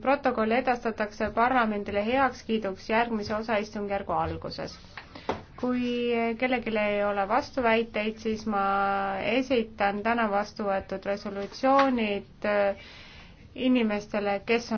protokoll edastatakse parlamendile heakskiiduks järgmise osaistungjärgu alguses. kui kellelgi ei ole vastuväiteid, siis ma esitan täna vastu võetud resolutsioonid äh, inimestele, kes on